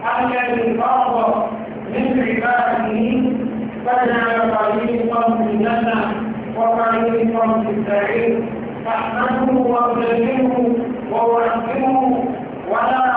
الذي فرض من عباده فجعل طريقا في الجنه وطريقا في السعير فاحمده وابتدئه ووحده ولا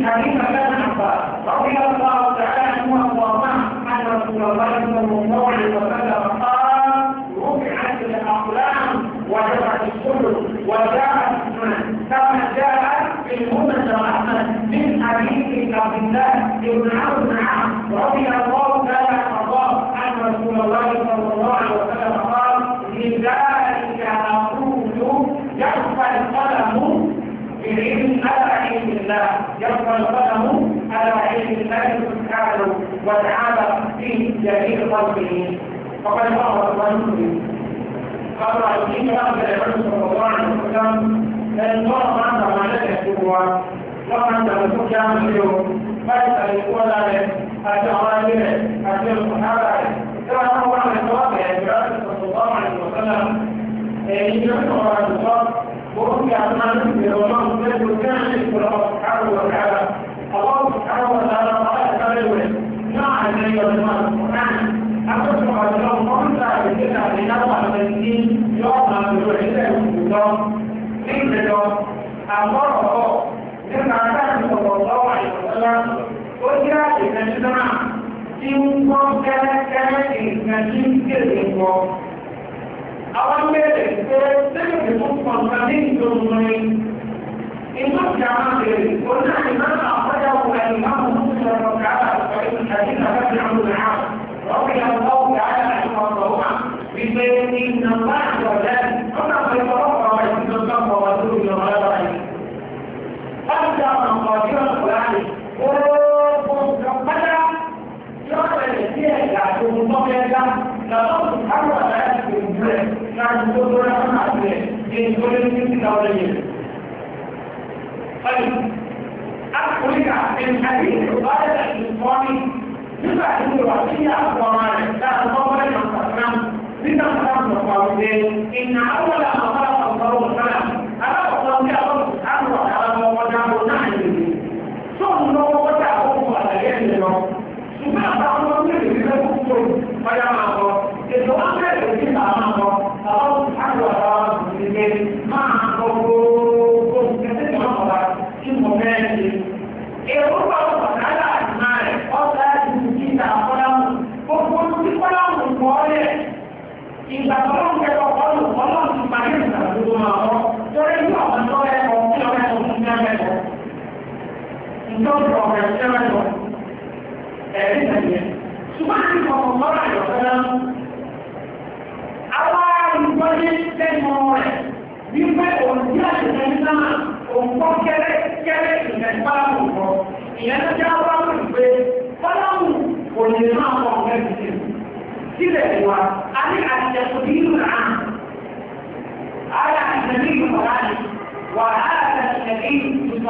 من حديث ابن عباس رضي الله تعالى عنه ان رسول الله صلى الله عليه وسلم قال رفعت الاقلام وجرت السلم وجاءت السنن كما في المسند من حديث عبد الله بن عمرو نصره على علم الله سبحانه وتعالى في جميع خلقه فقد امر الله قال عزيز رحمه العلم صلى الله عليه وسلم لأن الله عنده ما لك السبوة الله عنده مسوك يعمل يوم فاسأل ولا عليه أتي عرائبه أتي الصحابة ترى أنه واحد الصواب يعني صلى الله عليه وسلم ورضي عما نبي والله جل كامل الله سبحانه وتعالى الله سبحانه وتعالى قال تعالى نعم علي والمال نعم أقسم على الله قمت بكذا لنوع الدين يوم بوحده الله إن الله أمره لما كان صلى الله عليه وسلم وجاء إلى الجماعة إن كان كان إن كان كان Àwọn bẹ̀rẹ̀ pé sẹ́yìn tó pọ̀nà ní ìjọba ní inú ti àwọn bẹ̀rẹ̀ ó ní àìmọ́ àkọ́yàwó ẹni máa mú ní ọ̀rọ̀ káàlà pẹ̀lú ìtàgé ìtàgé ìrànlọ́wọ́ wọ́n fi àwọn ọ̀gá àti ọ̀rọ̀ wà wípé ìnàmbá من حديث عبادة الإسلامي nígbà tí mo wà sí àwọn ọmọ rẹ̀ láti ọgbọ́n mẹ́rin àtàkùn náà nígbà tí wọ́n sọ fún àwọn ọmọdé ìnà àwọn àwọn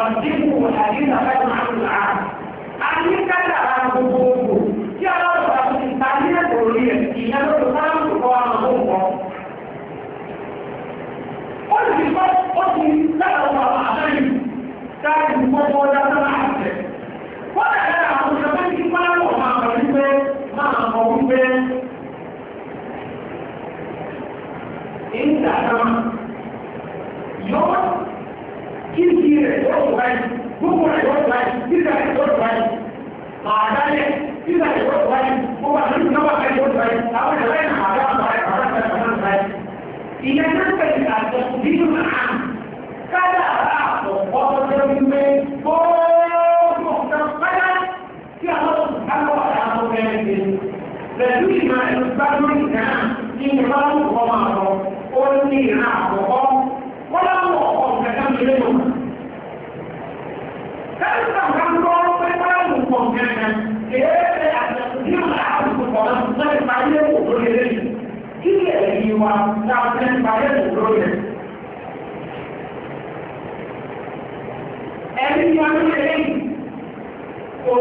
干部才领导。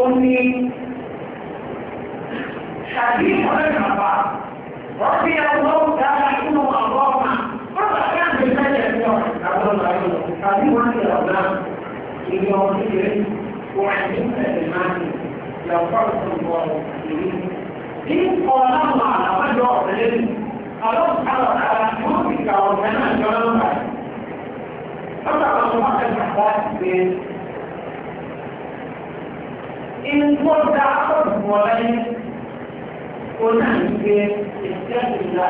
أمي شعبين ولن أربعة رضي الله تعالى عنه وأرضاه رضا كان في المجال اليوم عبد الله يقول هذه وانت الأولاد اليوم تجري وعندنا المعنى لو فرق الله المسلمين إن قال الله على وجه أعلن الله سبحانه وتعالى يمسك وكان الكلام بعد فقط الله سبحانه وتعالى ìgbó dáàbò bọ̀ lẹ́yìn onígbé ìjẹ́bìlá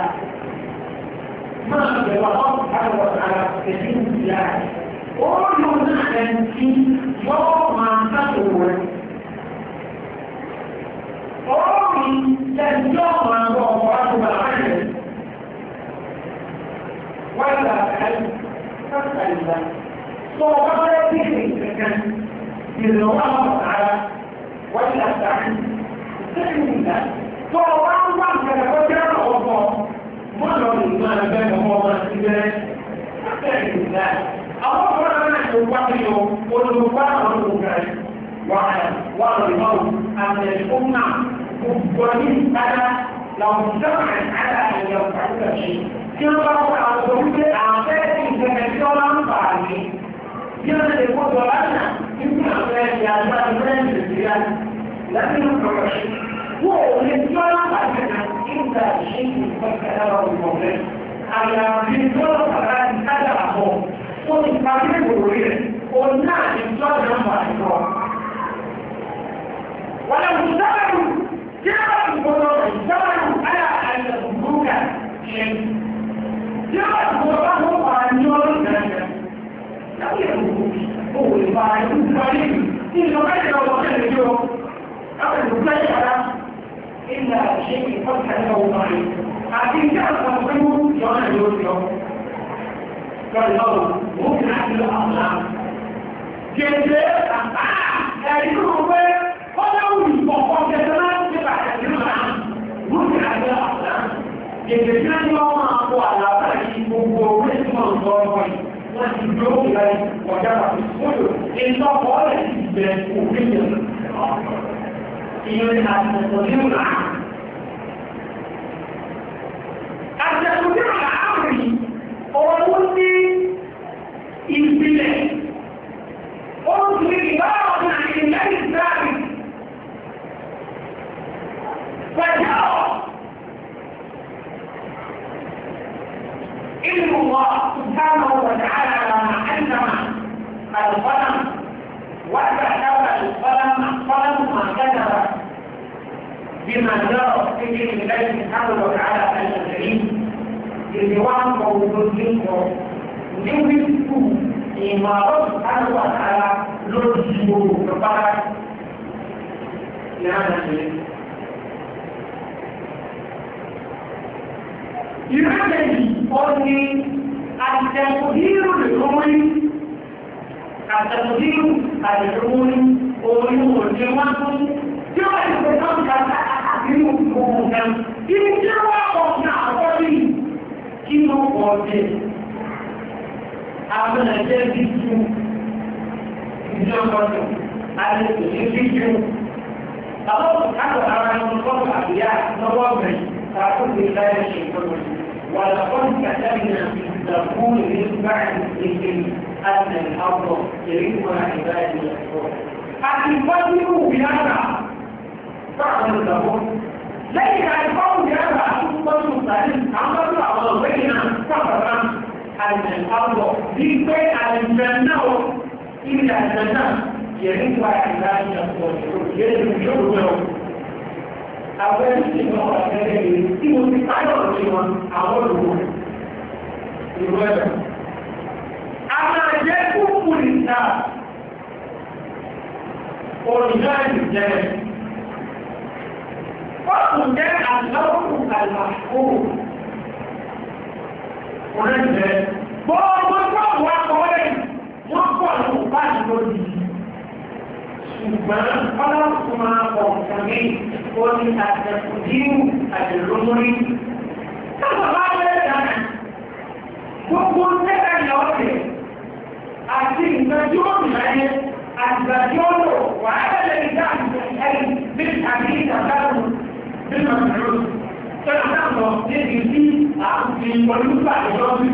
máa bẹ̀rẹ̀ ọ̀pọ̀ àwọn ará pẹ̀lú ìyá ó yóò náà ẹni tí yóò máa sàtòwò rẹ̀. ó rí ẹjọ́ máa bọ̀ ọ̀pọ̀ àtúbà rẹ̀ wọ́n gbà káyì sọ́kà ìgbà tó ọ̀pọ̀ rẹ̀ bí ìrìn kankan ìrìn wà ìlà tó o bá ń wá ìgbẹ̀rẹ̀ kó jẹ́ ọ̀pọ̀ mọ́lọ̀ nìkan ẹgbẹ́ ọmọ ọmọ sí bẹ́ẹ̀ sẹ́yìn ìlà àwọn ọmọ náà ti wá ní o olùkọ́ àwọn olùkọ́ wàhálà wàhálà ìmọ̀lù àti ẹ̀kọ́ náà gbogbo ní ìpadà làwọn ìjọba àdá ìyẹ̀wò àdúrà ṣe tí wọ́n bá wọ àwọn olùgbé àfẹ́ ìgbẹ̀rẹ̀ tí wọ́n máa ń bà á ní bí wọ́n lè kó dọ̀lá náà nígbà fẹ́ ìyàgbá ìgbẹ́rẹ̀ nàìjíríà lábẹ́ ìlú kọ̀ọ̀ṣẹ́ هو بالجرى إذا شيء فكره المؤمن على بالجرى فقد تدعه قل فكره قلنا بالجرى فكره ولو ثمن جرى الغرور ثمن على أن يصدوك شيء جرى الغرور عن يوم لم يكن هو الفاعل الفريق إن غير وخير اليوم أو المبتدئ إلا شيء قد كانه معي عشان كده تنظيمه يوانا يقول يوم قال له ممكن أعمل أطلع جيد أعلم أعلم Ọlọ́run ìgbọ̀kọ̀ jẹta láti ṣe pàtàkì náà, mọ́sí àjẹ́ àpá, èdè tí wọ́n ní ọmọ àpò àlàbà yìí gbogbo orílẹ̀ tí wọ́n sọ ọmọ yìí, wọ́n ti gbé òun láì ọjà àti ìfúnlò, èyí tó kọ́ ọ̀rẹ́ ìgbẹ̀ òfin yẹn. 因为他没有打。jẹ́ bíjú ìjọ ọmọdé àti òní bíjú. Àwọn òkúta ara ní ọkọ̀ àbíyá lọ́wọ́ bẹ̀rẹ̀ tààkó lè láyé ṣe ìtọ́jú. Wà lọ́kọ́ ní kàtàkìnà ìdàkú ìlú báyìí èké àti àwọ̀ ìrìnkùn àìbáyìí lọ́wọ́. Àti ìfọ́jú ìwù yára fáwọn ìdàkú. Lẹ́yìn àìfọ́jú yára àti ìfọ́jú ìtàkì àwọn ọ̀gbẹ́ni wípé àìsàn náà ibi àìsàn náà yẹ nípa ìlà ìyàtọ̀ yẹn ní yóò lọ. Àwọn ẹni tí wọ́n wà lẹ́yìn rẹ̀ tí mo ti parí ọ̀rọ̀ sí wọn àwọn olùkọ́. Ìlú ẹ̀rọ. A máa jẹ́ kúkú nìta. Olùdó ẹ̀sìn jẹ́ Fọ́ọ̀mù jẹ́ àlọ́kù àlàkù. Orí ẹ̀jẹ̀. Bọ́ọ̀mù wá kọ́lẹ̀ wọ́n pọ̀ ní ìbáyìí lónìí ṣùgbọ́n ọlọ́run máa pọ̀ kàmí ó ní àtẹ̀kùdíù àdèròmórí. Sábà bá lé dáná, gbogbo tẹ́lẹ̀ ní ọ̀sẹ̀ àti ìgbàjú òmìniráyé àti ìgbàjú ọ̀lọ̀ wà á lẹ́lẹ̀ ìdá ẹ̀yìn bí àbí ìdàgbàrún bí màmúrò. Sọ̀rọ̀ náà lọ níbi tí àkùnrin pọ̀lú pàdé lọ́dún.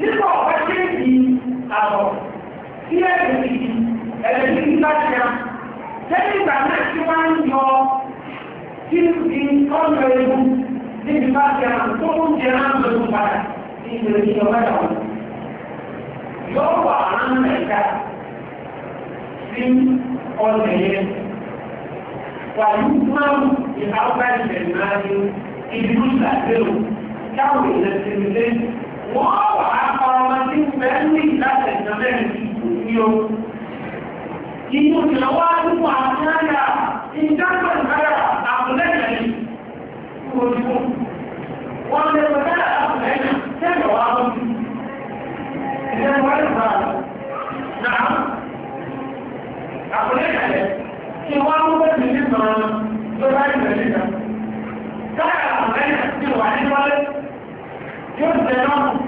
nípa ọ̀pá kéèkì àbọ̀ tí ẹ̀rì ẹ̀rì láṣà lẹ́yìn ìgbà náà tí wọ́n ń yọ tí ti ọ̀nà ewu níbi bá jẹ́ àwọn tó ń jẹ́ àwọn ewu padà ní ìgbèrè ìjọba ìjọba yóò wà àwọn ẹ̀ka sí ọ̀nà yẹn pẹ̀lú máa ń ìhàwọ́ ìṣẹ̀lẹ̀ máa ń ìdílé ìṣàgbéwò káwọn wọ́n wà á pa ọmọ tí ń bẹ́ ní ìlànà ìjọba ní o. Inú ìlọ́wọ́ àdúgbò àti àyà, ìjágbọ̀n ìgbára àbúlẹ̀yà ni kúrò nípò. Wọ́n lè sọ bẹ́ẹ̀ àbúlẹ̀yà tẹ́lọ̀ wá lọ sí. Ìjẹ́ wọ́n lè sọ náà àbúlẹ̀yà rẹ̀ kí yóò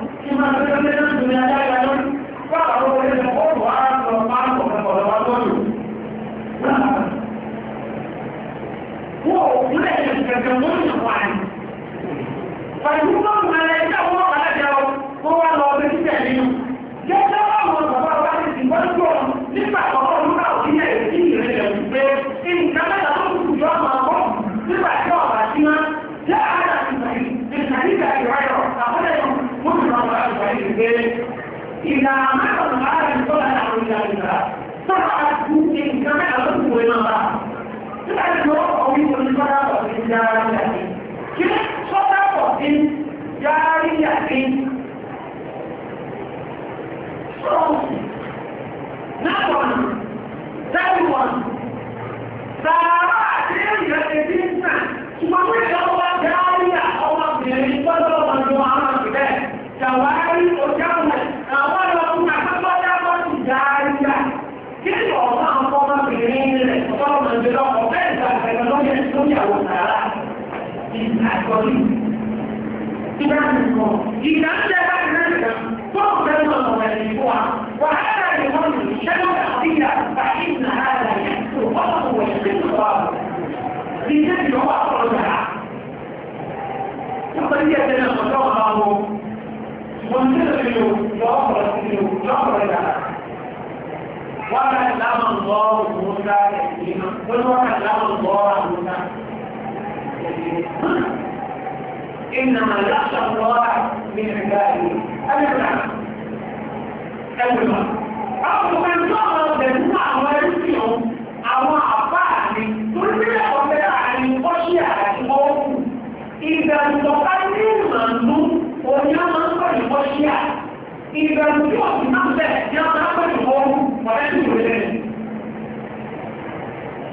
Wọ́n ò fún ẹ̀yẹ̀ kẹ̀kẹ́ lórí ìwà ni. Pẹ̀lú náà jariyatin kí ló sọ́dá pọ̀ sí jariyatin strong that one that one sàárà àti èèyàn ẹbí ń tàn ṣùgbọ́n pé ọba járíyà ọmọbìnrin gbọ́dọ̀ ọmọdé wọn àwọn ìbẹ̀ ṣàwárí ọjà ọmọ àwọn ọmọkùnrin àkọ́kọ́ dábọ̀ sí járíyà kí ọ̀gá ọmọbìnrin rẹ̀ ọmọdé lọ́kọ̀ọ́ àwọn sàrà àgbọ̀lì. Ìgbà nìkan, ìgbà ń jẹ́ báyìí náà nìkan, fọ́ọ̀mù fẹ́ lọ lọ rẹ̀ nìkan wa, wà á dà lè wọ́n ní ṣẹ́gun àbíyà báyìí nà á rà yẹn tó ọ̀pọ̀ wẹ̀ sí ìwà rẹ̀. Ìṣe ìlú wà pọ̀ lọ́dà. Wọ́n ti ẹ̀sẹ̀ náà lọ́dọ̀ ọ̀la wọn. Wọ́n ti lè lò lọ́ọ̀rọ̀ sí lò lọ́ọ̀rọ̀ yà. Wọ́n ká ìlànà lọ́ọ̀rọ̀ إنما يخشى الله من عباده العلماء العلماء أو من ظهر بالنوع والسيوم أو أفعال كل أفعال وشيعة وهم إذا تقدم منه onyama ń pẹ̀lú wọ́ṣíà ìgbà tí ó ti máa bẹ̀rẹ̀ ní ọ̀nà pẹ̀lú ọ̀hún wọ́n lẹ́nu ìwé lẹ́nu.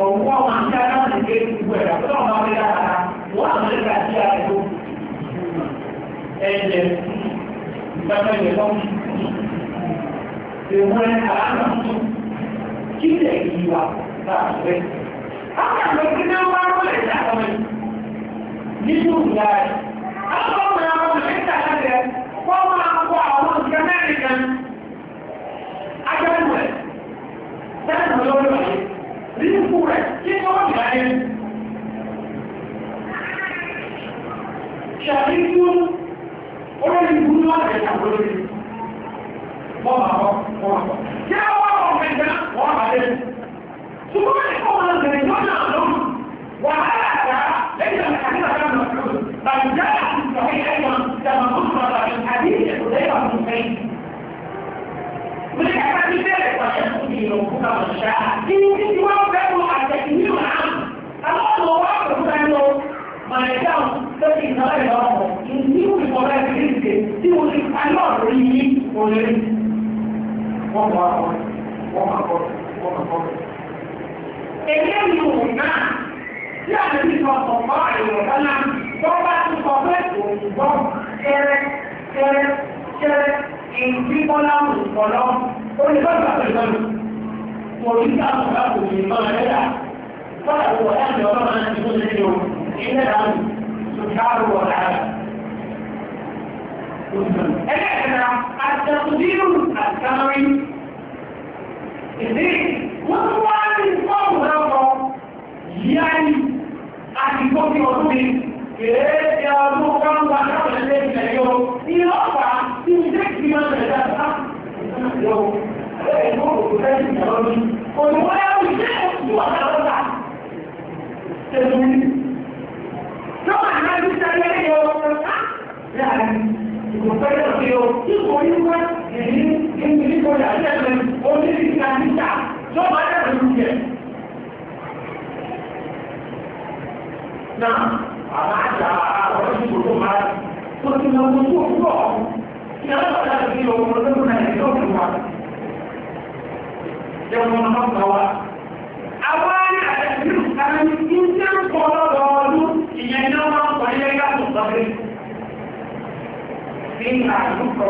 òun máa ń dá láti gbé gbogbo ẹ̀dá tó máa ń dá ara wọ́n á lè gbà sí àdúgbò ẹ̀jẹ̀ ìgbàgbọ́ ìyẹn lọ́wọ́ ìwọ̀n àlànà tó Àwọn ọmọ àwọn ọmọ mẹ́ta rẹ̀ náà àmà àjà àwọn ìṣòro tó máa tó ti lọ mú tó pọ̀ kí á lọ́wọ́ láti fi lọ wọ́n lọ́wọ́ náà ìlú òkú wa. Jẹ́ wọn máa gbà wá. Àwọn àyẹ̀wò àwọn ìlú tí ń kọ́ lọ́dọ̀ ọdún ìyẹn náà máa ń pàdé ẹgbẹ́ àtúntàbí. Bí àdúgbò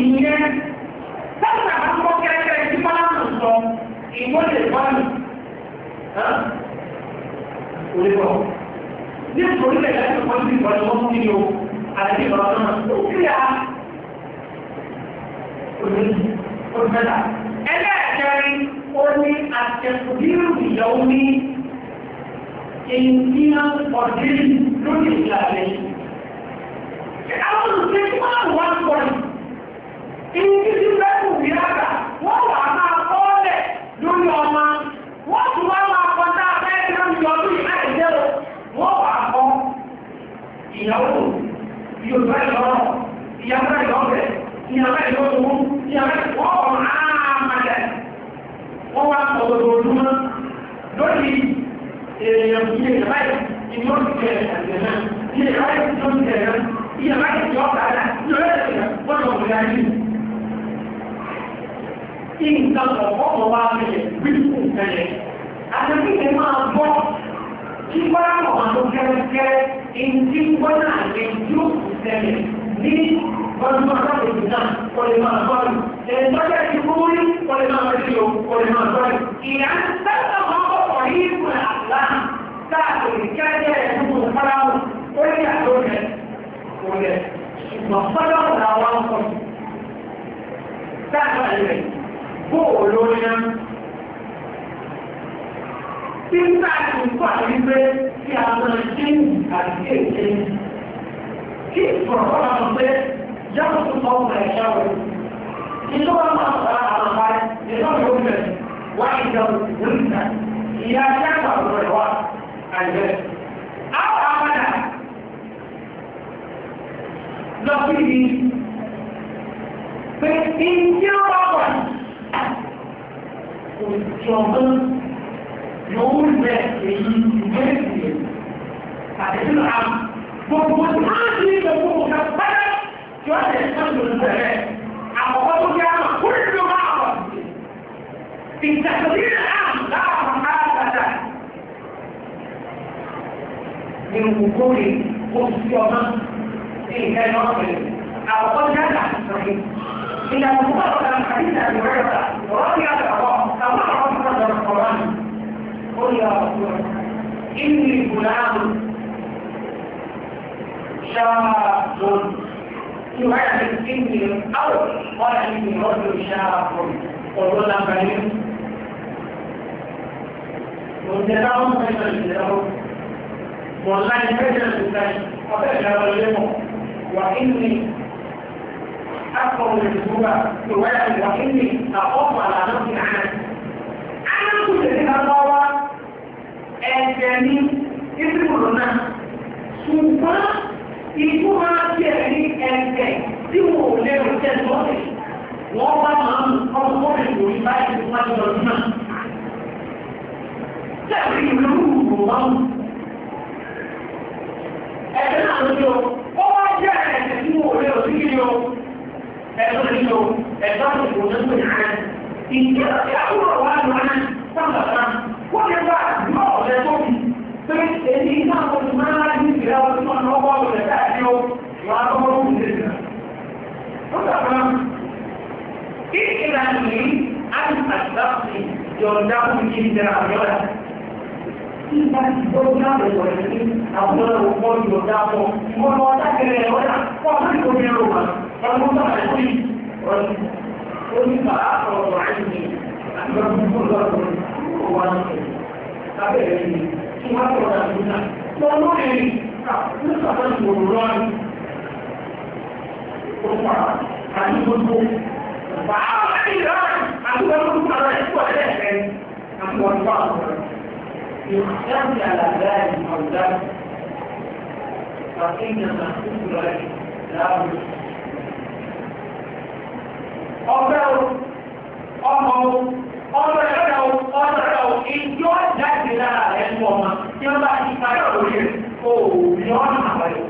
ìyẹn ìwọ́n lè wá ní oríkọ̀ ní orílẹ̀ láti wọ́n sí ìwọ́n lọ́wọ́ sí ní o àti ìwọ́n náà ó kí a orílẹ̀ ẹlẹ́ẹ̀kẹrin ó ní àtẹ̀kùdírù ìyàwó ní èyí tí wọ́n ọ̀dẹ́rì lórí ìlànà yìí àwọn òṣèlú máa wà pọ̀ ní ìdíjú lẹ́kùn ìyára wọ́n wà máa lórí ọmọ wọ́n tún wá máa kọ tá a fẹ́ kí wọ́n yọ ọdún ìlà ìjẹ́ o wọ́n wà kọ́ ìyàwó yorùbá ìlọ́rọ̀ ìyàwó ìlọ́rẹ̀ ìyàwó ìlọ́rọ̀ ìyàwó ìwọ́n àmàlẹ̀ wọ́n wá kọ̀ lójoojúmọ́ lórí èèyàn ìyè ìyàwó ìyàwó ìyàwó ìyàwó ìyàwó ìyàwó ìyàwó kí nǹkan ọ̀pọ̀ mọ̀ bá rẹ̀ bíkú tẹ̀lẹ̀. Àtẹ̀kí ni máa gbọ́ kí bára mọ̀ máa tó kẹ́rẹ́kẹ́ ìdí gbọ́nà àti yóò kù tẹ̀lẹ̀ ní gbọ́dún alábòsí náà kò lè máa gbọ́dù. Ẹ̀ńtọ́jà ti kú rí kò lè máa rí o kò lè máa gbọ́dù. Ìyá ń sábà máa kọ̀kọ̀ yí ìfún àlá táàbù ìkẹ́jẹ́ ẹ̀dúgbò fara mọ̀ ó ní àlóyẹ̀ kò lẹ̀ ṣùgbọ́n fọ́dọ̀ làwọn kọ̀ táàbù àlẹ́ bó olórin náà tí ń bá ti ń pàdé wípé kí a máa ṣe ń àti èké kí ìfọ̀rọ̀kọ́ máa pé yàtọ̀ tó tọ́ ọmọ ẹ̀ṣá rẹ̀ nítorí wọn máa sọ̀rọ̀ àwọn ọmọ rẹ̀ nígbà tó ń bẹ̀rẹ̀ wá ìjọ òrìṣà ìyá sábà rẹ̀ wá àìbẹ̀. àwọn àpàdà lọ sí ibi pé ìjọ òjọ̀gbọ́n yóò rẹ̀ èyí ìwé ìwé àti àwọn gbogbo láti gbogbo ọ̀gá pẹ́lẹ́ tí wọ́n lè sọ ìlú bẹ̀rẹ̀ àkọ́kọ́ tó kí á mọ̀ kó lè lọ máa wà sí ìtàkùn ilẹ̀ àwọn láwọn àgbàdà nínú kórè kó sí ọmọ ní ìkẹ́ lọ́pẹ̀lẹ̀ àkọ́kọ́ jáde àti إلى مطابقة عن حديث أبي هريرة رضي الله عنه أمر القرآن قل يا رسول الله إني غلام شاب يعرف إني أو قال إني رجل شاب قل لنا بنين وانتظرهم كيف ينتظرون والله كيف ينتظرون وفجر ينتظرون وإني أكثر من الذنوب في ولد وإني أخاف على نفسي العنف أنا كنت في الله ẹ̀jẹ̀ni ìsìnkúrò náà ṣùgbọ́n ikú máa ti ẹ̀rí ẹ̀jẹ̀ tí wò lè rò jẹ́ lọ́ọ̀dẹ̀ wọ́n bá máa ń ọmọ bọ́ọ̀lù ìròyìn báyìí tó wájú ọdún náà. Tẹ̀sí ìlú ìlú wọn. Ẹ̀jẹ̀ náà ló yọ, ó wá jẹ́ ẹ̀jẹ̀ tí wò lè rò sí yíyọ ẹ̀rọ ẹ̀dá òkú ní pè ní ìdí ọ̀sẹ̀ àwúrò wà lọ́nà sábà kan wọ́n lè wà ní ọ̀rẹ́ tó fi pé èyí náà kò tún máa ń ní ìrẹ́ ọdún tí wọ́n lọ́wọ́ rẹ̀ káàkiri ó wọ́n فالمطلع يقول قل فأعطوا عني أن ربكم لكم هو تابعني ثم أعطوا عننا فالمعني نصف القرآن وفعل عن الظلم فعلى الآن عن الظلم على إخوة الأحسن أم والباطل يختم على ذلك أو ذلك فإن الخطوة لا يستطيع ọgbẹ́ o ọmọ o ọmọ ẹ̀rọ o ọmọ ẹ̀rọ o ìjọ jáde lára rẹ̀ ń wọ̀ ma tí wọ́n bá ti parí ọ̀rọ̀ yẹn o ní ọ̀nà àbáyọ.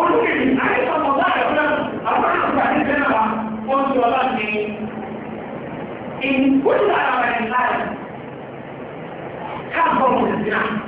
Olùkèrè àyẹ̀kọ́ ọmọ láàrẹ̀ fún àwọn àgbà nígbẹ́ náà wá, wọ́n ti ọlá ní ìkúlẹ̀ àwọn ẹ̀ láàrẹ̀ káàbọ̀ mọ̀ sí náà.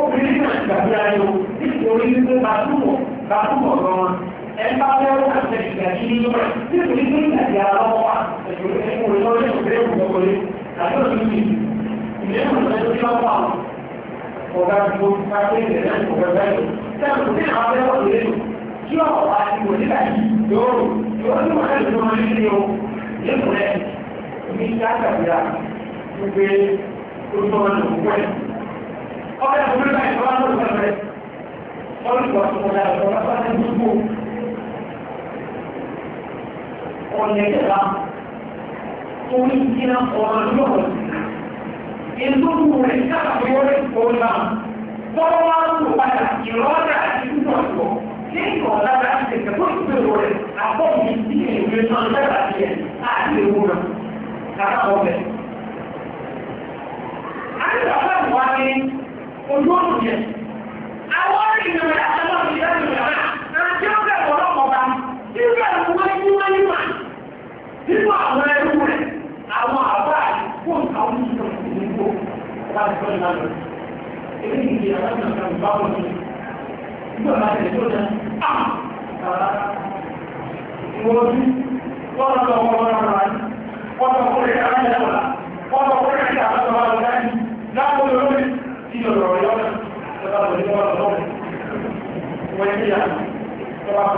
obìnrin náà gbàgbé ayé o nítorí wípé bàtúmọ̀ bàtúmọ̀ gan-an ẹ bá lẹ́wọ́ àti ìgbà tí ní yọrọ nítorí pé ìgbàgbé aláwọ̀ wa ẹ̀sùn ẹ̀kún rẹ̀ lọ́rẹ́ òkèrè òkòkòrè àti òtún mi ìlẹ́nu rẹ̀ ló yọ wà ọ̀gá gbogbo káfíń ìrẹ̀lẹ̀ ọ̀gá báyìí sẹ́wọ̀n tí àwọn abẹ́wọ̀ ìrẹ̀lẹ̀ tí ọ̀pá ti wò nígbà yìí yóò yóò ní wọ́n ẹ̀sùn wọn nílé o lẹ́kùnrin ní sáà gbàgbé a gbogbo ojúmọ́ ọ̀nà òkú ẹ̀ ọbẹ̀ ìfúnni báyìí ọba ló sọ rẹ̀ ọlùkọ́ tó kọjá lọ sọ bá ní gbogbo ọ̀nà ìjọba tó ní ìdíná ọ̀rọ̀ lọ́wọ́ ìdúró rẹ̀ sábà fi wọlé ìfowó náà tọ́wọ́ wá lù padà ìrọ́dà àti púpọ̀ pọ̀ ní ìkọ̀ lára àti ìkẹ́ tó ti pèrò rẹ̀ àbọ̀ mi sí ìwé náà lẹ́bàá tiẹ̀ àti ewu ojú ọ̀nà yẹn. Àwọn ènìyàn rẹ̀ àtàwọn ìyá ìrìn àrà àti ọ̀gá ìwọ̀lọ́pọ̀ bá nígbà wọ́n ní wọ́n ní mà nínú àwọn ẹrú rẹ̀ àwọn àbá fún àwọn ìjọ ìdìbò láti fẹ́ lánàá. Èyí ni ìyá láti ọ̀gá ìbá wọn ní nígbà máa tẹ̀lé tó dá. Àwọn ọdún wọ́n lọ́wọ́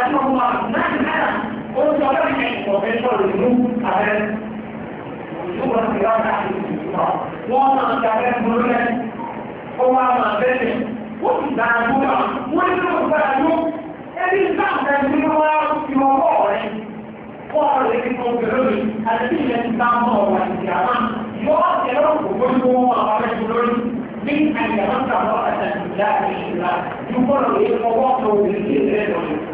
àti ọmọ náà náà ó ń sọ lọ́rọ̀ yẹn ìfọ̀fẹ́ sọ̀rọ̀ ìlú ààrẹ ìṣúgbọ́n ti rá náà wọ́n máa ta fẹ́ fún lẹ́ ó wá máa bẹ́ẹ̀ ó sì dá àbúrò wọ́n ní ló gbà ló ẹbí sáǹtẹ̀ tí wọ́n wá fi ọwọ́ rẹ̀ wọ́n rẹ̀ ti kọ́ pẹ̀lú mi àti ilẹ̀ ti bá mọ́ ọ̀wà ìjàmá yóò tẹ̀lé òkòkò ní wọ́n máa wá fẹ́ fún lórí ní àyàmá kàwọ́ àtàkùn láàrin ìṣúra yóò gbọ́dọ̀ lè fọwọ́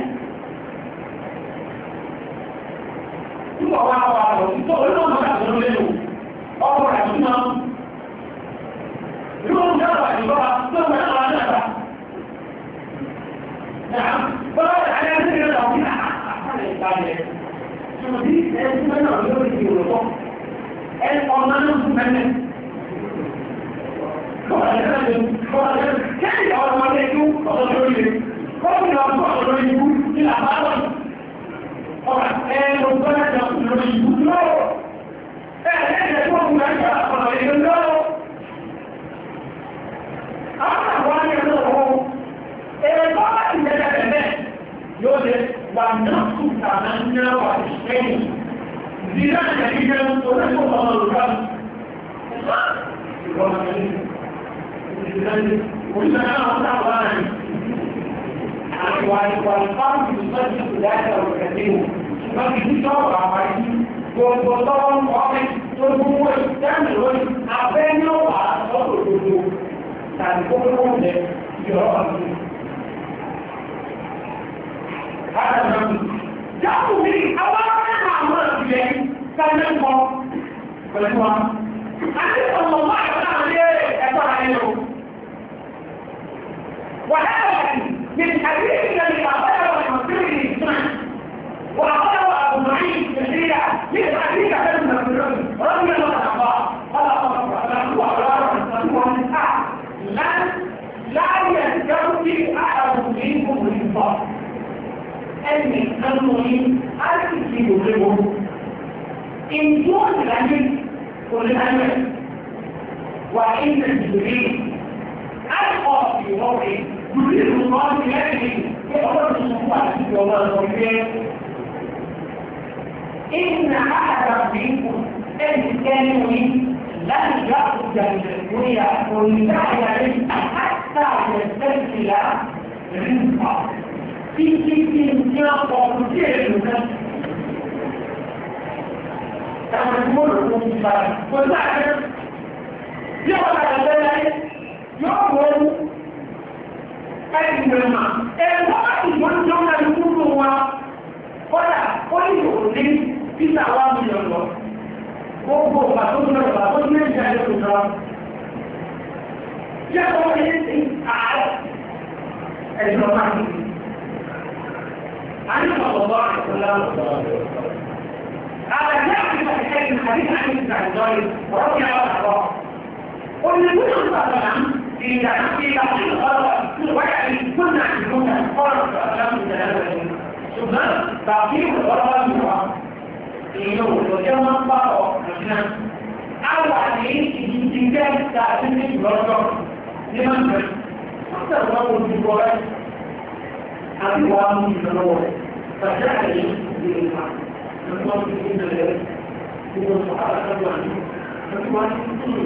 púpọ̀ wá ọ̀rọ̀ ọmọdé ikú ọ̀dọ́ lórí rẹ̀. Kọ́ọ̀lù ọ̀rọ̀ ọmọdé ikú ní làbárọ̀ ọba ẹnu gbọ́dọ̀ jọ lórí ìlú náà ẹ̀ẹ́dẹ̀ẹ́dẹ̀ tó ń gbàgbà ọ̀rọ̀ ìlú náà àwọn àwọn akẹ́kọ̀ọ́ ọ̀hún ẹ̀ẹ́dọ́ láti lẹ́lẹ́ tẹ̀lẹ́ yóò lè wà náà tún tàná ní àwọn àṣẹ́yìn ìdílé àti ìdílé onígbò ọmọ olùkọ́ ìwọ̀n ìdílé onígbà náà wọ́n والقام بالمسجد ذاته وكثيره ما في شرع عايزين وطبعا مؤمن تقوم وتعمل عشان يوقع صوت الوجوه يعني كل واحد يقرا هذا من جاءوا من أوامر معمولة إليه كان يقول فلنوا أنت صلى الله عليه وسلم أتعلم ولكن للحديث الذي أخرجه المسلم للسنة وأخرجه أبو معين كثيرا من حديث سلمة بن رضي الله عنه قال الله وأخبره لا يستوفي أحد منكم الإنصاف أن يسلمني أن يسلمهم إن دون الأمن والأمن وإن الجبريل ألقى في موضع Ìdílé ìlú kan ti lẹ́yìn pé ọlọ́run ti fún àti ìjọba ọ̀sán pé ìnà àdàbí ẹnì kẹ́nu yìí láti gbà ọjà ìrìnà òyìnbá ìyàrí àtà ìrẹsẹ̀sìlá rìnpa. Títí tí ń jẹ́ ọkùnrin sí èlò náà. Táwọn ẹ̀yìn mẹ́mà ẹ̀kọ́ ìgbọ́n tó ń lẹ́nu kúrò wa kọ́dà ó ní òní títà wá mílíọ̀n lọ gbogbo ọ̀pá tó ń lọ bàbá tó ń lé ìjà ìlú lọ jẹ́ kọ́ ní ti àárọ̀ ẹ̀yìn ọ̀pá ní ti àyè ọ̀pọ̀ àkọlá ọ̀pọ̀ àgbàjá àti ìgbàjá ìgbàjá ìgbàjá ìgbàjá ṣùgbọ́n tàbí ìwọ̀lọ́wọ́ ìwà èèyàn òṣèlú máa ń pàrọ̀ ọ̀nà àwà ní ìlú ti jẹ́ tàbí ní ìlọ́jọ́ ní máa ń bẹ̀rẹ̀ wọ́n tẹ̀lé wọn ojú bọ́ rẹ̀ àti wàá mú ìlọ́wọ́ rẹ̀ tàbí àyè ìdílé wa lọ́wọ́ ti ń bẹ̀rẹ̀ gbogbo sọ̀rọ̀ àtàwọn àti wọ́n ti ń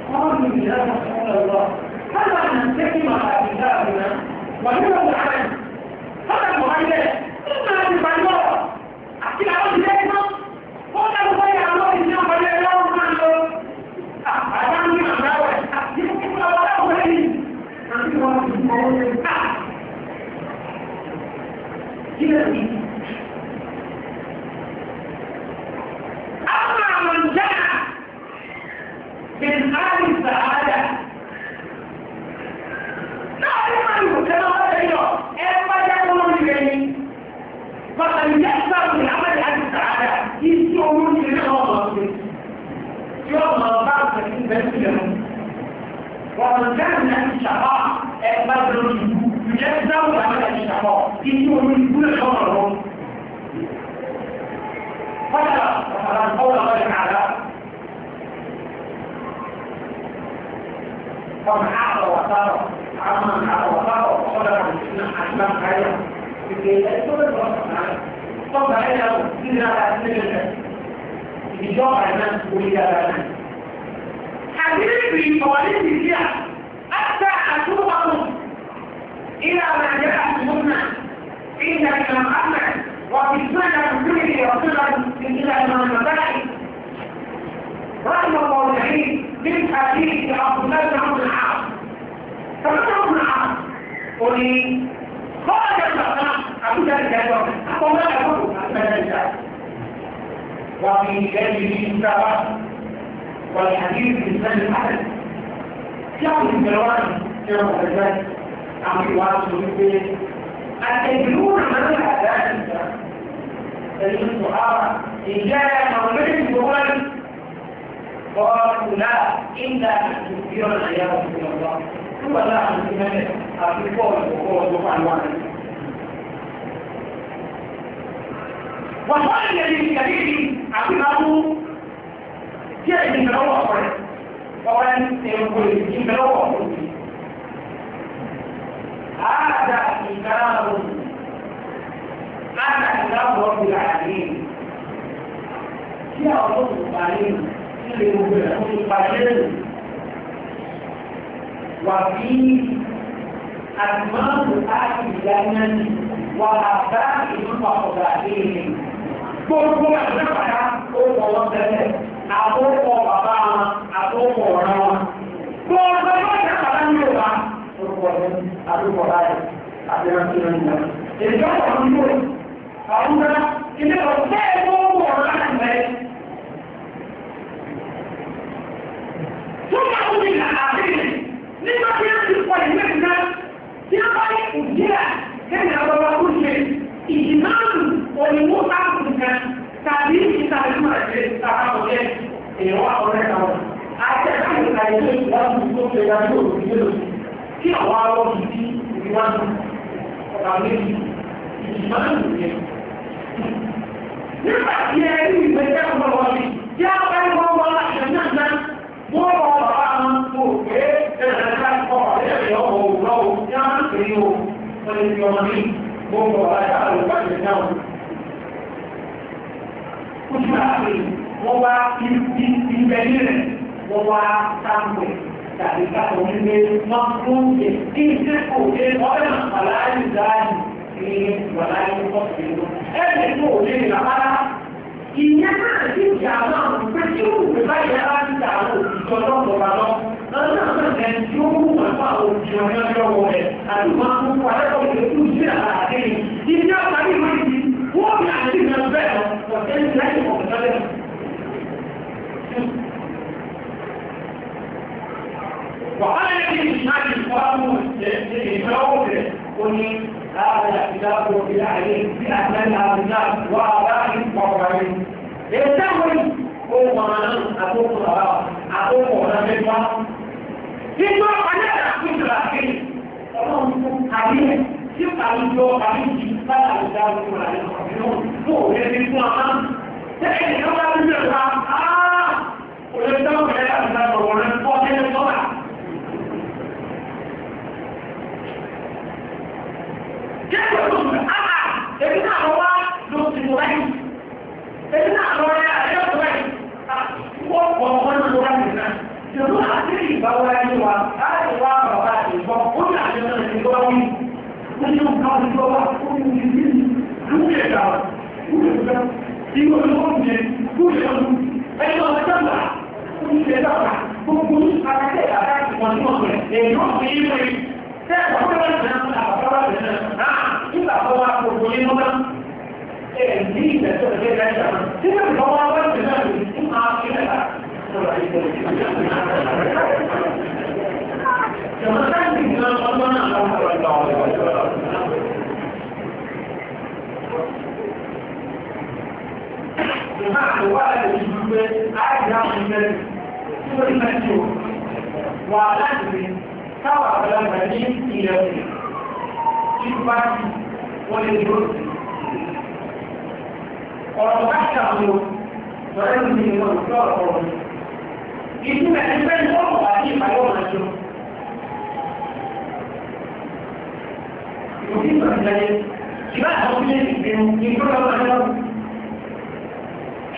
قالوا يا رسول الله هل ننتقم على كتابنا ونبعد عنه هذا المعلم إما هذه البلوغ أحكي العرب دائما قلنا نبيع الله إنه بلغ يوم عن يوم أعلم من أمراوة أحكي ممكن أولا أولين أحكي ممكن أولا أما من جاء من اهل السعاده نعلم انه كما قال ايضا اما يقولون لجميع فقد يكثر من عمل اهل السعاده يسمعون لله يوم رفعت من بيت اليمين ومن كان من اهل الشقاء اما يجزم عمل اهل الشقاء يسمعون لكل خبر فلا فلا قول الله تعالى ومن أعطى وصاره عمن أعطى وصاره وصدر عن سنة حسنان خيرا لكي لا يكون الوصف معنا طب علينا سنة أسنان الناس بجوع الناس والإجابة حبيبي في مواليد الجهة أتى أشوفهم إلى ما الله العظيم من حديث عبد الله بن عمرو العاص فمن عمرو العاص قل لي خرج الشيطان أبو ذر الجدول أقوم لا أقول وفي جانبه سرى والحديث بالنسبة للحدث يوم الجوان يوم الجوان عم يواصل بالبيت التجنون من الأذان الصحابة إن جاء مولد الجوان قالوا لا إنا نحن كبيرنا يا رسول الله ثم لا نسمع في قول وقول وقال وانا وقال الذي كبير عقبه جاء من روى فرد وقال يقول من روى فرد هذا كتاب أنا كتاب رب العالمين يا رب العالمين ṣe gbogbo ẹ̀ fún ipa lẹ́nu wà bí àtìmọ́ọ̀mù láti ìdáná ni wà bá ìlú papọ̀dà léèrè gbogbo àtìmọ́pàdà ó wọ̀ wọ́n tẹ́lẹ̀ àbókọ̀ bàbá wọn àbókọ̀ ọ̀rọ̀ wọn gbogbo ẹgbẹ́ ìjọba ní ìwà orúkọ ọ̀rẹ́ àbókọ̀ báyìí àti ẹran tí wọ́n ń lọ. èdè ọ̀pọ̀ ń lò àwọn ilé tó máa ń rìn àlàáfẹ́ rẹ̀ nígbà tí wọ́n ti pọ̀ ìwé ìgbà tí a bá ní òjìlá kẹ́yìn àbọ̀wá kó ṣe ìdìmáàlù òyìnbó bá kù kan tàbí ìtàlùmọ̀ rẹ̀ tàbá ọ̀rẹ́ èèwọ̀ ọ̀rẹ́ àwọn àti àkàlù àìsàn ìwádìí tó ṣe dájú òkúté lò kí àwọn arọ ìdí ìwádìí ọ̀tàlẹ́ ìdìmáàlù yẹn. nígbà tí ẹ rí ìgbésẹ̀ ọmọ wọn ni kí á bá ń wọ́n wọ́n wọ́n lọ bá ní àpè wọ́n wá ibẹ̀ nílẹ̀ wọ́n wá sáńpẹ̀ wọ́n fún oúnjẹ kí ṣe kò dé ọ̀rẹ́ màláyé dáàbì ní màláyé pọ̀ sí i. Ẹ̀ẹ́dẹ̀ẹ́dẹ̀ kò ìyẹn náà ti ń àwọn òṣìṣẹ́ ọlọ́pọ̀ bá lọ rẹ̀ àti هذا كتاب وفي عليه بأهلنا بالناس وآبائهم وقرائهم يستهوي هو معنى أقوم الأراء أقوم الأمريكا Nínú ọ̀pọ̀lẹ́ àkójọ àti ọlọ́run àríyẹ̀ tí àwùjọ àríyìn bá àwùjọ àwùjọ àríyìn náà tó lè ní fún ọmọ. Tẹ́lẹ̀ ìjọba Tẹ́ẹ̀kọ́ tó wá ní àwọn àwọn àwọn àwọn àwọn àwọn àwọn Wọ́n lè dúró sí ọ̀rọ̀ tó bá ṣàkóso lọ́rẹ́ mi ni wọ́n fi ọ̀rọ̀ ọ̀rọ̀ mi. ìtumọ̀ ẹni pé ní wọ́n kọ̀ wá sí ìpàgọ́ máa ṣe. ìwòsí ìtọ́jú lẹ́yẹ ìbá àwọn ilé ìgbẹ̀rù ìgbọ́dọ̀ máa ń lọ.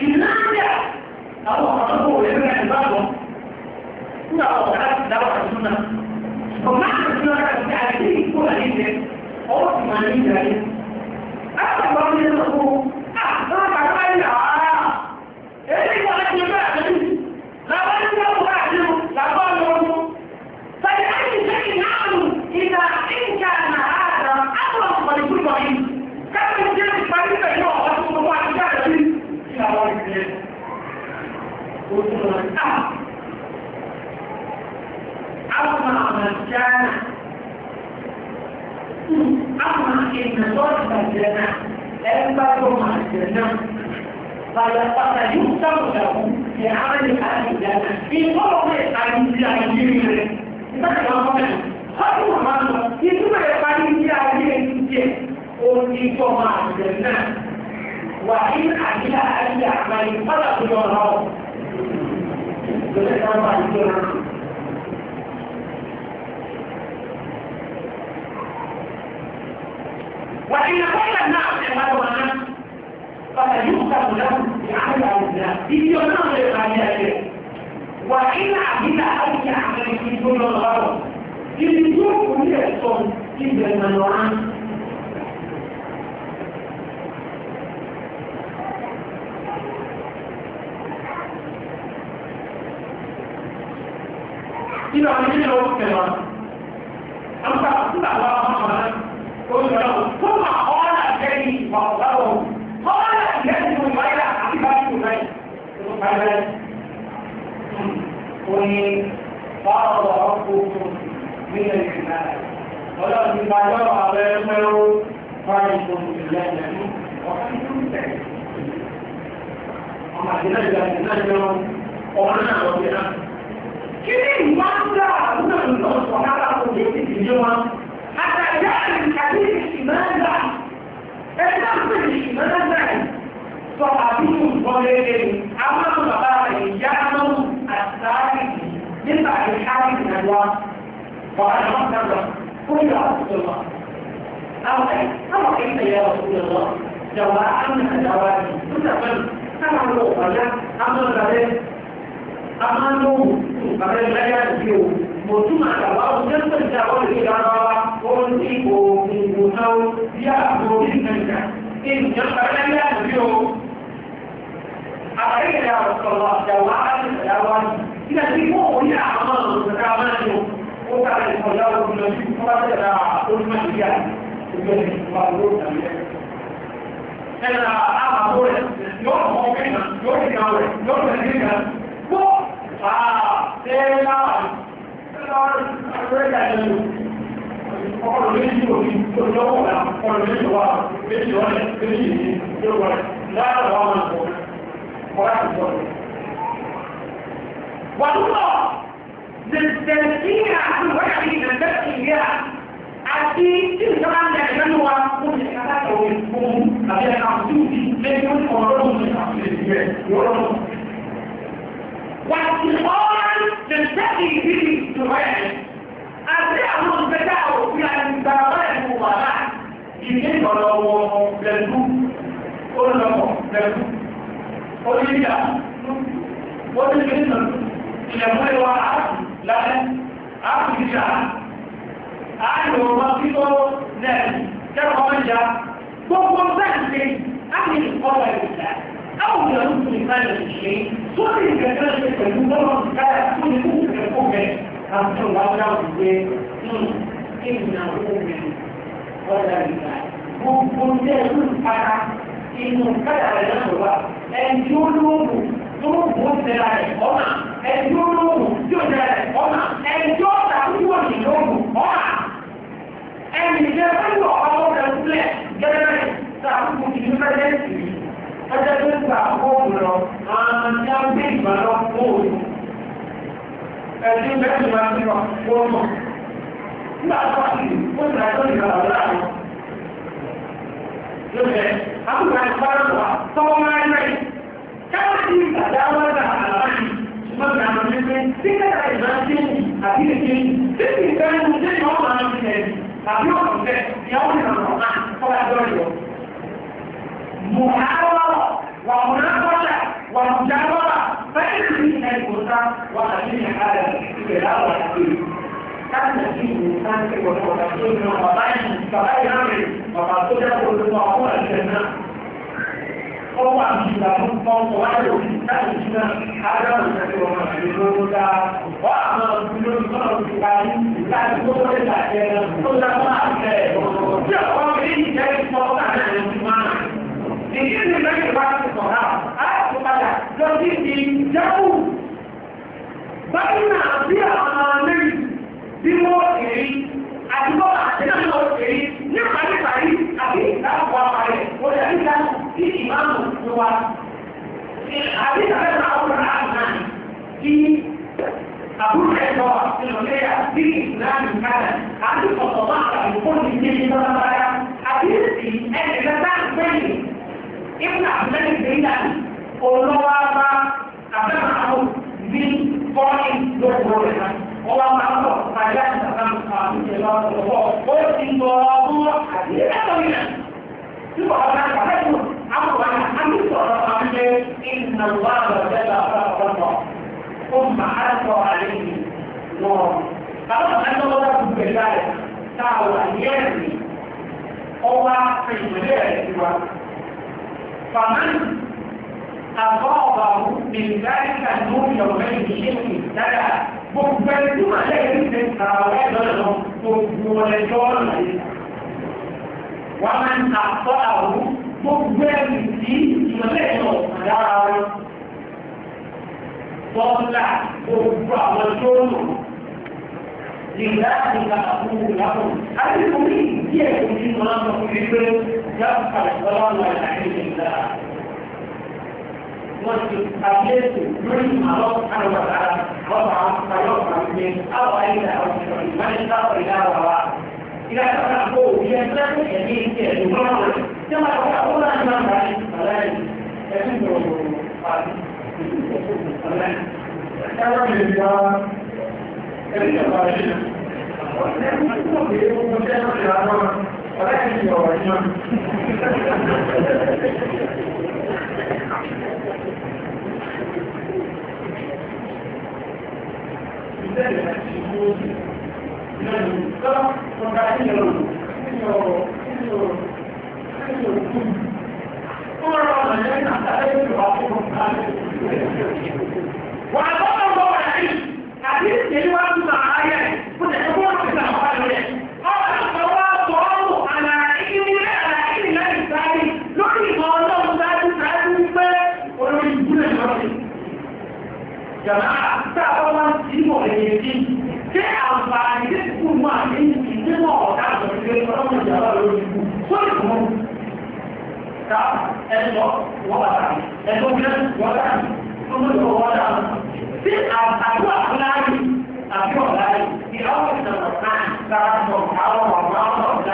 ìlànà àwọn ọ̀rọ̀ tó wọlé rẹ̀ ìbáàbọ̀ nígbà ọ̀rọ̀ láti dáwọ̀ àtúnná. ọ̀gá àtúnná النار فيحسب له بعمل اهل tó yọ ọ̀rọ̀ ọ̀. Ìjọba ìjọba wà ní ìjọba. Wà náà. فلا يحكم له بعمل او لا بيناظر عليها وان عمل اي عمل في دون الغرض يريدون كل يحصل الا المنوعان إذا عملنا وقتنا أنت أصدق الله محمد قل بعض ربكم من الجمال ولو من بعد ما غيروا فانتم بالله وانتم تعلمون وما تنجم تنجم ومن ربنا كريم ماذا نحن نصحنا في اليوم حتى جاء الحديث ماذا؟ إذا في ماذا؟ sọ àbíkù wọlé amadu bàbá rẹ̀ ìyá amadu àtàrí nípa ìhárì ìnáwó وعلى مصدر كل عبد الله أو أي أو كيف يا رسول الله لو أعلمك جوابي تتفل كما هو ولا أمر غير أمانه غير لا يرجو موتما جواب جنب الجواب إلى قلتي ومن يا أبو بكر إن جنب لا يرجو àbáyé ya ọ̀sọ̀rọ̀ àjàwà àjàwà ní àti kó orí àmọ́ òṣèlú amáyọ ó kàrẹ̀ ìkọ̀lá ogun lọ sí fún bá tẹ̀lá onímọ̀ ìyá ìgbẹ́ni ìgbà ló tàbí ẹ̀. ẹ̀rà àmàbò rẹ̀ yóò mọ ọ̀gbẹ́nà yóò ní àwọn rẹ̀ yóò ní ẹ̀rí kan kó àtẹ́lá àtẹ́lá ọkọ̀ méjì òní tó lọ́wọ́ ọ̀la ọkọ̀ méjì wà méjì wà méjì yìí tó wà láàárọ̀ àwọn ọ̀gbọ̀n قرآن الظهر والله للتنسيق عن الوحي من نفس الجهة أكيد طبعا لأنه هو كل حاجة ويكون أبي العبدوسي لن يكون قرارهم من العبدوسي واعتقاد تلتقي به الوحي أبيعه بتاعه يعني بابا المباراة يجب أن يكون لنبوه قل لهم لنبوه oníjà wọ́n ti fi nù ìlẹ̀mọ́ ìwà láti áfíríkà ààrùn ọmọ kíkọ́ nẹ́ẹ̀ kẹ́kọ̀ọ́ ìjà gbogbo sáàtì àmì ìkọ́lá ìjà áwùjọ ń tún ìkàlẹ̀ ìṣe tó ní ìgbẹ̀kẹ́ ṣe pẹ̀lú lọ́wọ́ ìkáyà tó ní kúkú ẹ̀kọ́ mẹ́ àti ìwájá òwúwé nù kí ìnáwó mẹ́ ọ̀dà ìgbà gbogbo jẹ́ ìlú pátá inú káyà rẹ̀ náà ló wà ẹni ó lóògùn tó ń bò ń tẹ̀ra rẹ̀ ọ̀nà ẹni ó lóògùn tí ó tẹ̀ra rẹ̀ ọ̀nà ẹni ó ta púpọ̀ ní lóògùn ọ̀nà ẹni ìjẹ́ pẹ̀lú ọ̀pá tó rẹ̀ sílẹ̀ gẹ́gẹ́ ta púpọ̀ ní pẹ́sẹ́ǹtì ọjọ́ tó ń gba ọkọ̀ lọ àwọn tí a ń gbé ìgbà lọ fóònù ẹni mẹ́rin máa ń lọ fóònù nígbà tó a ti kó ìgbà tó ìgbà lọ láàrin 对？他不敢穿我，招安慰，家庭大家我的安慰，什么什么之间，现在在南京，他听得清，这几个人这有哪样的？他不要准备，你要不想怎么办？后来多久？محاولة ومناقشة ومجاورة فإن من الفرصة وقد من هذا الكلام والحديث كان فيه الإنسان في وتوكل وطعن فغير أمر وقد تدخل المعقول الجنة هو عم يلعبون صغير ويستعمل فينا حاجة وأعمل كل مرة في تعليم بعد كل الأحيان كل ما أحكي يقوم به جاي صوت عن الاجتماع لكن الذي بعد الصلاة أعرف بعد لو تجي جو بين أبيع bí wọ́n ti rí àti bọ́lá àti náà lọ́wọ́ ti rí ní paríparí àbí ìdáàbò àpàrẹ wọ́n yà ní ìdáàbò tí ìmáàmù ti wá. àbí ìdáàbò náà wọ́n rà á náà kí àbúrò ẹ̀ lọ ìrọ̀lẹ́yà bí ìsìláàmù kálẹ̀ àti ọ̀sọ̀tọ̀ àtàlù fún mi ní ìlú bábáyá àbí ìsì ẹ̀ẹ́dẹ̀gbẹ́ta gbẹ̀yìn ìpínlẹ̀ àbúlẹ̀ ìgbéyàwó olówó àbá àbẹ́mọ̀ àwọn ní fọ́ọ̀nì lóko rẹ̀ náà ọwọ́ máa lọ ọ̀pọ̀ ó أصابه من ذلك النور يومين شرك ابتدع مقبلتم عليه من تراويضهم تقبلتون ومن أخطأه مقبلتي يمنعه مدار ضل قبلتون لذلك أقول لكم أنتم هي كل من يقول يبقى الصلاة والحمد لله wọ́n ti àkíyèsí lórí àlọ́ àlọ́wọ̀tà ọ̀pá àyọ̀pá ìgbé àwọn àyíká ọ̀sẹ̀ ìgbàlẹ́sà ìlà àwàwà. إذا كان أبوه ينزل يمين يده مرة كما تقول أن من رأي فلا يجب Thank you. وعطانا الله العلم حديث يلوى مع آيات كنت أقول لك أنا 干嘛？在台湾，只不过是一些些后话，一这官话，一点一点多假传的，他们又在乱说。所以什么？啥？他说我你，说我怕你，他们就我怕你。不难，台湾难，你搞这个台湾搞什么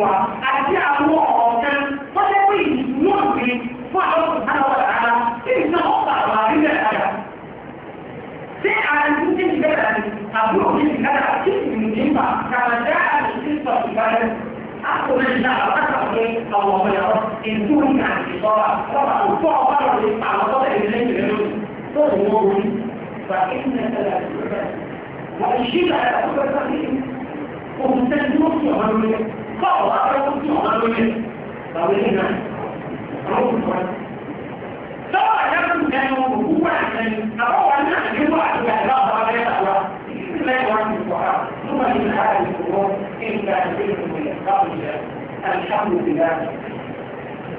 fún wa àti àwọn ọ̀kan wọ́n jẹ́ pé ìdìbò náà fún àwọn ìdánwò àrà tí ìdí náà àwọn àrílẹ̀ àrà. tí àwọn àtàwọn àwọn ní àti ìṣọ́ra ọba òkú ọba lọ sí àwọn ọmọ ẹ̀rọ lẹ́yìn rẹ̀ lónìí tó ń dole ba wani na saboda ya kan gani wani hukuma a gani a ba wani na yi ba a ga ba ba ba ya tawa ina yi wani kwa kuma ni na hari kuma in ga da zai kuma ya ba mu ya alhamdulillah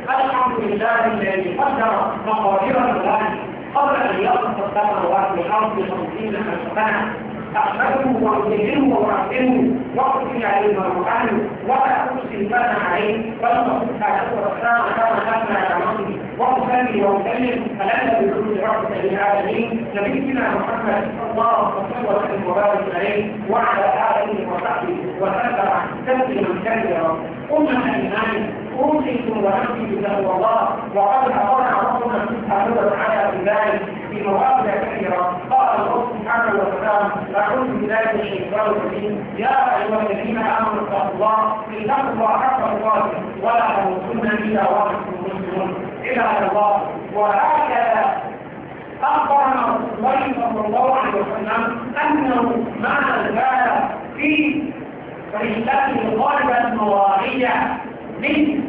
alhamdulillah الذي قدر مقادير الغالي قبل ان يقف السماوات والارض بخمسين الف سنه تعمله وأجهله وأعلمه واقضي عليه وأفعله ولا أقصي ما عليه ولا أصبح له وأسلام كما كان على نفسي وأصلي وأسلم فلن بكل رب العالمين نبينا محمد صلى الله عليه وسلم وبارك عليه وعلى آله وصحبه وسلم تسليما كثيرا أمة الإيمان أوصيكم ونفسي بتقوى الله وقد أمرنا ربنا أمر تعالى ذلك في مواضع كثيرة قال الله سبحانه وتعالى أعوذ بالله من الشيطان الرجيم يا أيها الذين آمنوا اتقوا الله إن الله حق القاتل ولا تموتن إلا وأنتم مسلمون عباد الله وهكذا أخبرنا رسول الله صلى الله عليه وسلم أنه مع الغاية في رحلته الغالبة المواعية ليه؟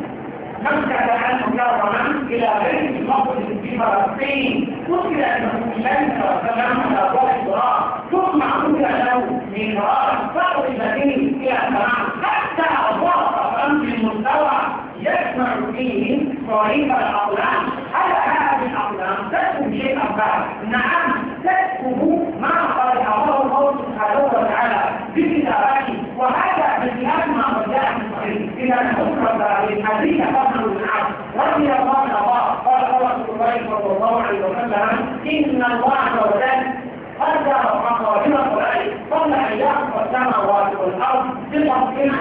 نرجع الآن مكرما إلى بيت المقدس في فلسطين قتل المسؤولين تمام على أبواب التراب ثم قتل له من قرار فقر المدينة إلى تمام حتى أبواب أفلام المستوى يسمع فيه صريف الأقلام هل هذه الأقلام تكتب شيئا بعد؟ نعم تكتب ما قد أمر كان مفردا ان الله عز وجل قدر مقادير الخلائق قبل ان يخلق السماوات والارض بتفصيل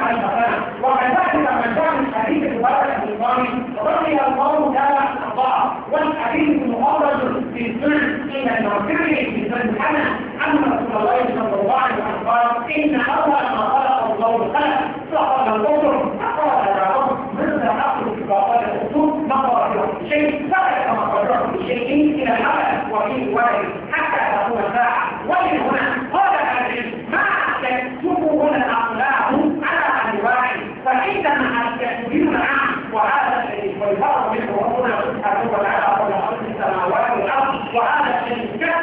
وكذلك من جاء من حديث المبارك البخاري رضي الله تعالى عنه والحديث المخرج في السر ان المغفر في سر الحنان رسول الله صلى الله عليه وسلم قال ان اول ما خلق الله خلق فقد القدر أقرأ مثل عقل في قواعد شيء فقد كما قررت شيء إلى العمل وفي ولد حتى تكون الساعة ومن هنا قال ما تكتبون الأقلام على أنواع فعندما تكتبون العام وهذا الذي ويفرق منه ربنا سبحانه وتعالى قبل خلق السماوات والأرض وهذا الشيء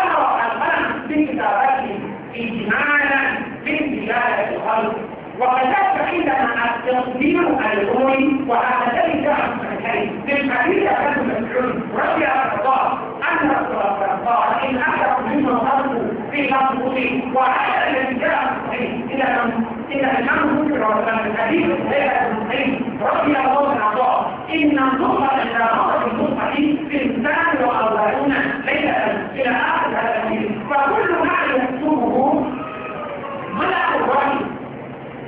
أمر القلم بكتابته إجمالا بإدارة الأرض وقد الغوي التصميم الأولي وعلى ذلك الحديث من حديث ابن مسعود رضي الله عنه أن رسول الله قال إن أشرك منه الأرض في لفظه وعلى الذي جاء إلى إلى الإمام مسلم وسلم الحديث غير المسلم رضي الله عنه إن النصر إلى مرض المصحف في الإنسان واربعون ليلة إلى آخر هذا الحديث فكل هذا منع الرأي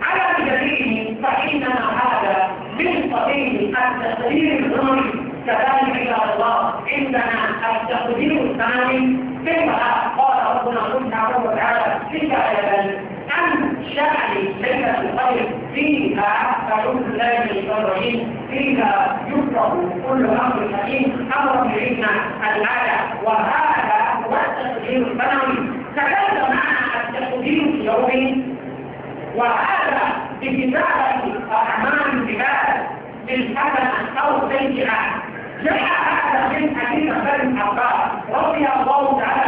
على بدليل فإنما هذا من قبيل التقدير الأمري كذلك إلى الله عندنا التقدير الثاني كما قال ربنا سبحانه وتعالى في آية أن شعري ليلة القدر فيها أعوذ بالله من الشيطان الرجيم فيها يكره كل أمر حكيم أمر يجوز او سيئا جاء هذا من حديث ابن عباس رضي الله تعالى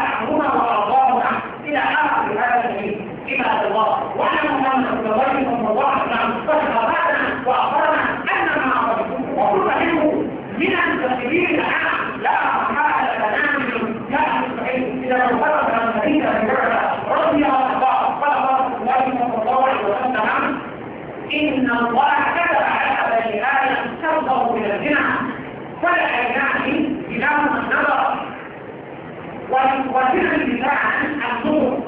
ويوفر الدفاع عن النور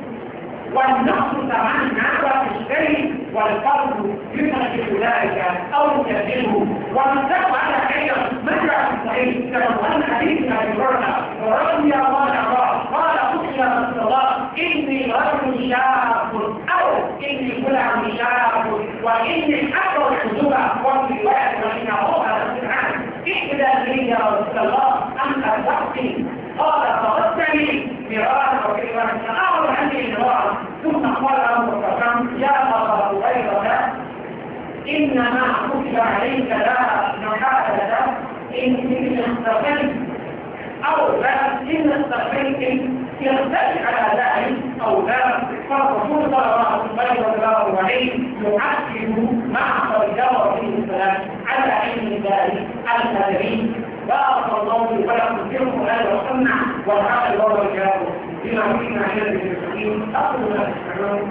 والنقص تمام النعوة في الشيء والفضل يترك أولئك أو يزيدهم ومن على خير مجرى في الصحيح كما قال الحديث من أبي هريرة رضي الله عنه قال قلت يا رسول الله إني رجل شاب أو إني غلام شاب وإني أكبر الحجوب وفي رواية وإن أبوها رسول عنه لي يا رسول الله أنت تقي قال فردني وكيف وكلمة فأعرض عني القراءة ثم قال أبو بكر يا أبا هريرة إنما كتب عليك لا محالة إن كنت أو لا إن التخيل يرتدي على ذلك أو لا فالرسول صلى الله عليه وسلم يعلم مع صديقه عليه السلام على علم ذلك التدريب بارك الله في ولكم في القرآن والسنة والعمل والرجال بما فينا من المسلمين أقول لك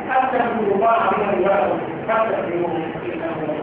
أستغفر الله لي ولكم فاستغفروه إنه هو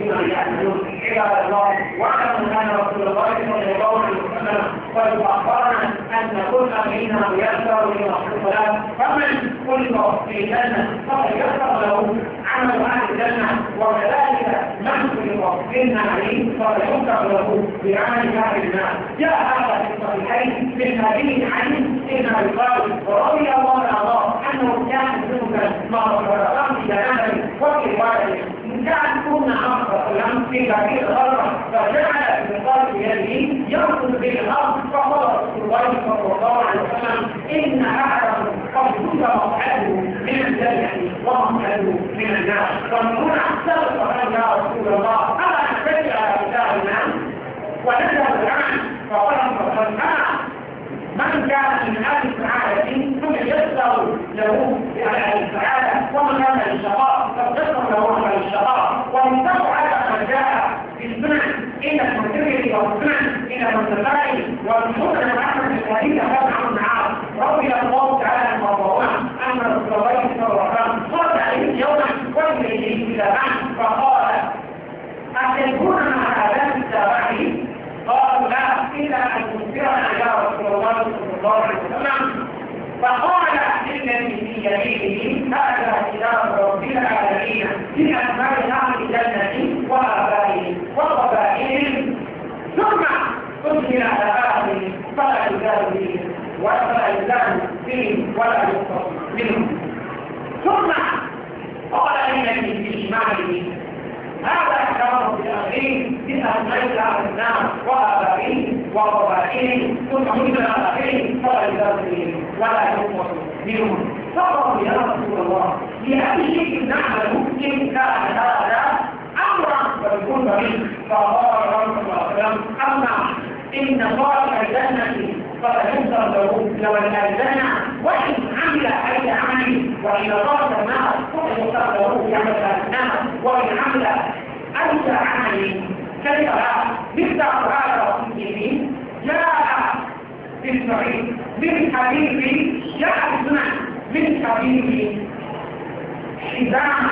بما يعملون عباد الله واعلموا ان رسول الله صلى الله عليه وسلم قد اخبرنا ان كل منها يكثر من الصلاه فمن كل في الجنه فقد له عمل اهل الجنه وكذلك من كل منا عليه فقد له بعمل اهل النار جاء هذا في الصحيحين من حديث علي بن ابي رضي الله عنه كان يمكن مع الرسول الى اهله وفي روايه جعل كنا عمر وسلم في فجعل بقلب يده يرقد بالأرض فقال رسول الله صلى الله عليه وسلم إن أحدكم قد كنت مقعده من الجنة ومقعده من النار ومن هنا اختلف قال يا رسول الله ألا نتبع أبداءنا ونذهب الآن فقال صلى الله آه. من كان من اهل السعاده ثم يسر له السعاده ومن كان الشقاء فيسر له على الشقاء ومن تفعل قد جاء بالسنن الى المنتج والسنن الى المتفاعل والحكم الاحمد الحديث هذا عن معاذ رضي الله تعالى عنه وارضاه ان رسول الله صلى الله عليه وسلم صلى عليه يوما ولم يجد الى بعد منهم ثم قال إن في شماله هذا كلام الآخرين اذا أهلك على الناس وآبائهم وقبائلهم ثم مثل آخرين قال لذاتهم ولا يؤمن منهم فقالوا يا رسول الله لأي شيء نعمل إن كان هذا أمرا فليكن منه فقال رسول الله أما إن صاحب الجنة قد ينصر له لو الجنة وإن عمل أي عمل وإن ضرب النار فقد له كما النار وإن عمل أي عمل كيف مفتاح هذا المسلمين جاء في الصحيح من حديث جاء بسنة من حديث حزام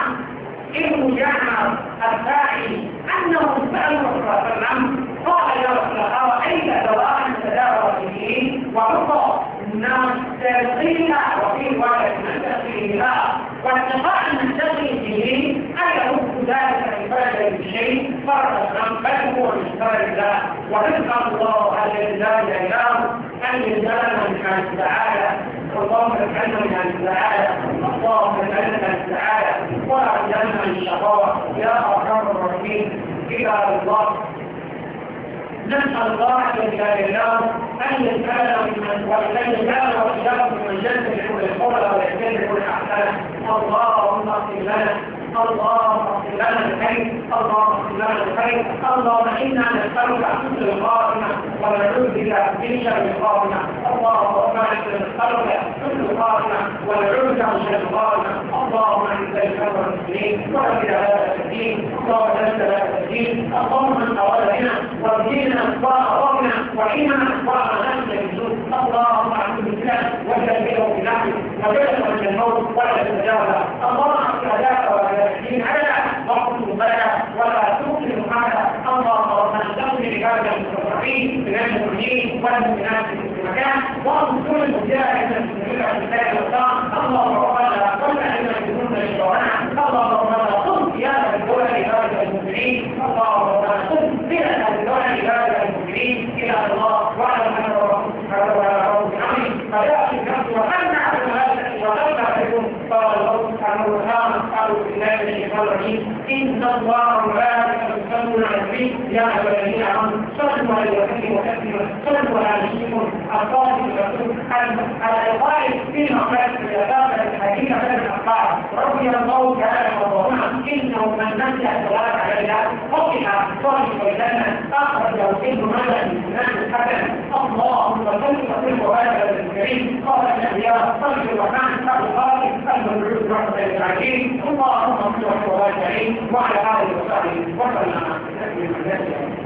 ابن جعفر الباعي انه سال رسول الله صلى الله عليه وسلم قال يا رسول الله اين دواء تداوى به وعطى إنما السابقين وفي وقت المنتقي بها والاتفاق المنتقي به أن يرد ذلك الفرد بشيء فرد عن بل هو من شر الله ورزق الله الذي لا إله أن يزال من كان السعادة اللهم اجعلنا من السعادة اللهم اجعلنا من السعادة ولا تجعلنا من الشقاوة يا أرحم الراحمين إلى الله نسأل الله جل جلاله أن يجعلنا ممن وأن يجعلنا وإياكم من جنة الحور الحور والإحسان الأحسان اللهم اغفر لنا اللهم اغفر الخير اللهم اغفر الخير اللهم انا نسالك حسن لقائنا ونعوذ بك من شر لقائنا اللهم انا نسالك حسن لقائنا ونعوذ بك من شر لقائنا اللهم اعز الاسلام والمسلمين ورد على الدين اللهم انت لا الدين اللهم من اراد بنا وردينا واعطانا وعنا واعطانا اللهم اعز الاسلام وجل بيته بنعمه وجل من الموت ولا تجاهل اللهم التوحيد السلام المسلمين والمسلمات في المكان والمسلمين المسلمين ايضا الله ربنا كل ايضا في فيأتي الناس وأنا أعلم هذا وأنا أعلم قال أمرها أصحاب إن الله ملائكته يصلون على النبي يا أيها الذين آمنوا صلوا عليه وسلموا تسليما صلوا على نبيكم الصادق الرسول القائل في مقالة الأذان الحكيم من الأخبار رضي الله تعالى وضعنا إنه من نسي الصلاة على الله وقع صالح لنا أخرجه ابن ماجه الإمام الحسن اللهم صل وسلم وبارك على الكريم العجيب اللهم صل على محمد وعلى اله وصحبه وسلم